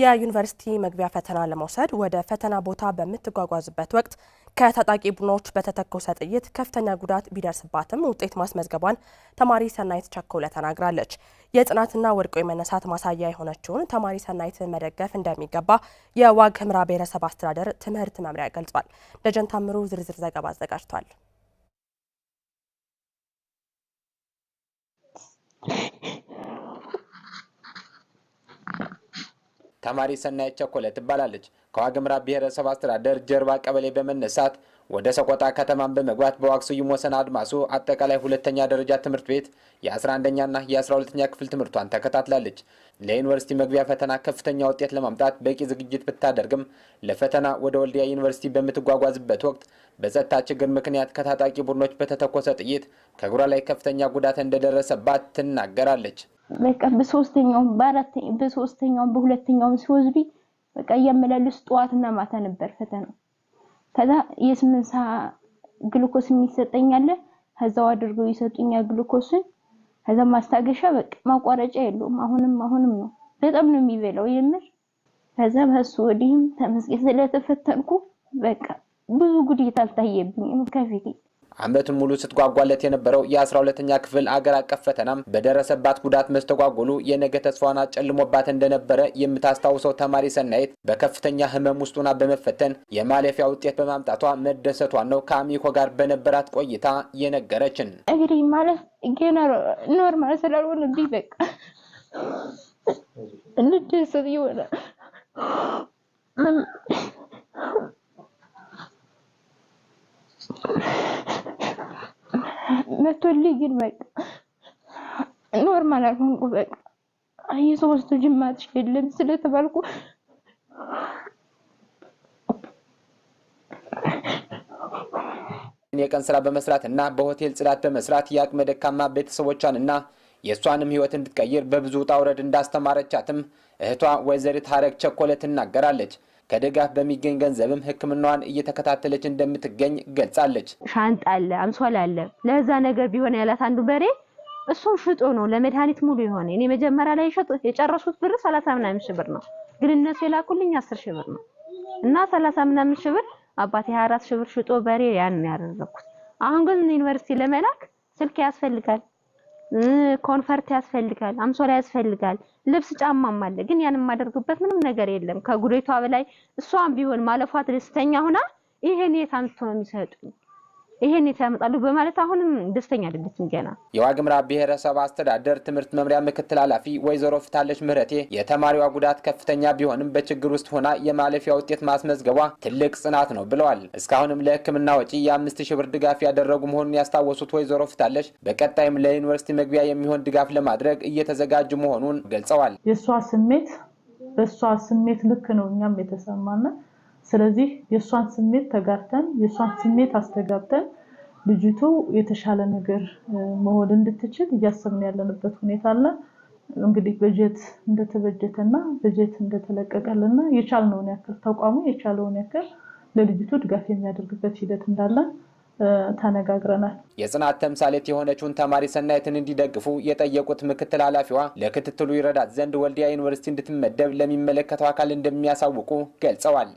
የዩኒቨርሲቲ መግቢያ ፈተና ለመውሰድ ወደ ፈተና ቦታ በምትጓጓዝበት ወቅት ከታጣቂ ቡድኖች በተተኮሰ ጥይት ከፍተኛ ጉዳት ቢደርስባትም ውጤት ማስመዝገቧን ተማሪ ሰናይት ቸኮለ ተናግራለች። የጽናትና ወድቆ የመነሳት ማሳያ የሆነችውን ተማሪ ሰናይትን መደገፍ እንደሚገባ የዋግ ኽምራ ብሔረሰብ አስተዳደር ትምህርት መምሪያ ገልጿል። ደጀን ታምሩ ዝርዝር ዘገባ አዘጋጅቷል። ተማሪ ሰናይ ቸኮለ ትባላለች። ከዋግምራ ብሔረሰብ አስተዳደር ጀርባ ቀበሌ በመነሳት ወደ ሰቆጣ ከተማን በመግባት በዋክስዩም ወሰን አድማሱ አጠቃላይ ሁለተኛ ደረጃ ትምህርት ቤት የ11ኛና የ12ኛ ክፍል ትምህርቷን ተከታትላለች። ለዩኒቨርሲቲ መግቢያ ፈተና ከፍተኛ ውጤት ለማምጣት በቂ ዝግጅት ብታደርግም ለፈተና ወደ ወልዲያ ዩኒቨርሲቲ በምትጓጓዝበት ወቅት በጸጥታ ችግር ምክንያት ከታጣቂ ቡድኖች በተተኮሰ ጥይት ከእግሯ ላይ ከፍተኛ ጉዳት እንደደረሰባት ትናገራለች። በቃ በሶስተኛው በአራት በሶስተኛው በሁለተኛው ሲወስዱ በቃ እያመላለሱ ጠዋትና ማታ ነበር ፈተናው። ከዛ የስምንት ሰዓት ግሉኮስ የሚሰጠኝ አለ ከዛው አድርገው ይሰጡኛል ግሉኮስን። ከዛ ማስታገሻ በቃ ማቋረጫ የለውም። አሁንም አሁንም ነው በጣም ነው የሚበላው የምር። ከዛ በሱ ወዲህም ተመስገን ስለተፈተንኩ በቃ ብዙ ጉድለት አልታየብኝም ከፊቴ ዓመቱን ሙሉ ስትጓጓለት የነበረው የ12ኛ ክፍል አገር አቀፍ ፈተናም በደረሰባት ጉዳት መስተጓጎሉ የነገ ተስፋዋን አጨልሞባት እንደነበረ የምታስታውሰው ተማሪ ሰናይት በከፍተኛ ህመም ውስጡና በመፈተን የማለፊያ ውጤት በማምጣቷ መደሰቷን ነው ከአሚኮ ጋር በነበራት ቆይታ የነገረችን። እግሬ ማለት ኖርማል ስላልሆነ በቃ እንደሰት መቶልኝን በቃ ኖርማል አልሆንኩ በቃ የሶስቱ ጅማትሽ የለም ስለተባልኩ የቀን ስራ በመስራት እና በሆቴል ጽዳት በመስራት የአቅመ ደካማ ቤተሰቦቿን እና የእሷንም ህይወት እንድትቀይር በብዙ ውጣ ውረድ እንዳስተማረቻትም እህቷ ወይዘሪት ሀረግ ቸኮለ ትናገራለች። ከድጋፍ በሚገኝ ገንዘብም ህክምናዋን እየተከታተለች እንደምትገኝ ገልጻለች። ሻንጣ አለ፣ አንሶላ አለ። ለዛ ነገር ቢሆን ያላት አንዱ በሬ እሱም ሽጦ ነው ለመድኃኒት ሙሉ የሆነ እኔ መጀመሪያ ላይ ሸጡ የጨረሱት ብር ሰላሳ ምናምን ሺህ ብር ነው፣ ግን እነሱ የላኩልኝ አስር ሺህ ብር ነው እና ሰላሳ ምናምን ሺህ ብር አባቴ ሀያ አራት ሺህ ብር ሽጦ በሬ ያን ያደረግኩት። አሁን ግን ዩኒቨርሲቲ ለመላክ ስልክ ያስፈልጋል ኮንፈርት ያስፈልጋል፣ አምሶላ ያስፈልጋል፣ ልብስ ጫማም አለ። ግን ያን የማደርግበት ምንም ነገር የለም። ከጉሬቷ በላይ እሷም ቢሆን ማለፏት ደስተኛ ሆና ይሄን የት አንስቶ ነው የሚሰጡኝ? ይሄን ያመጣሉ በማለት አሁንም ደስተኛ አይደለችም። ገና የዋግምራ ብሔረሰብ አስተዳደር ትምህርት መምሪያ ምክትል ኃላፊ ወይዘሮ ፍታለች ምህረቴ የተማሪዋ ጉዳት ከፍተኛ ቢሆንም በችግር ውስጥ ሆና የማለፊያ ውጤት ማስመዝገቧ ትልቅ ጽናት ነው ብለዋል። እስካሁንም ለሕክምና ወጪ የአምስት ሺህ ብር ድጋፍ ያደረጉ መሆኑን ያስታወሱት ወይዘሮ ፍታለች በቀጣይም ለዩኒቨርሲቲ መግቢያ የሚሆን ድጋፍ ለማድረግ እየተዘጋጁ መሆኑን ገልጸዋል። የእሷ ስሜት በእሷ ስሜት ልክ ነው እኛም የተሰማና ስለዚህ የእሷን ስሜት ተጋርተን የእሷን ስሜት አስተጋብተን ልጅቱ የተሻለ ነገር መሆን እንድትችል እያሰብን ያለንበት ሁኔታ አለ። እንግዲህ በጀት እንደተበጀተና በጀት እንደተለቀቀልና የቻልነውን ያክል ተቋሙ የቻለውን ያክል ለልጅቱ ድጋፍ የሚያደርግበት ሂደት እንዳለ ተነጋግረናል። የጽናት ተምሳሌት የሆነችውን ተማሪ ሰናይትን እንዲደግፉ የጠየቁት ምክትል ኃላፊዋ ለክትትሉ ይረዳት ዘንድ ወልዲያ ዩኒቨርሲቲ እንድትመደብ ለሚመለከተው አካል እንደሚያሳውቁ ገልጸዋል።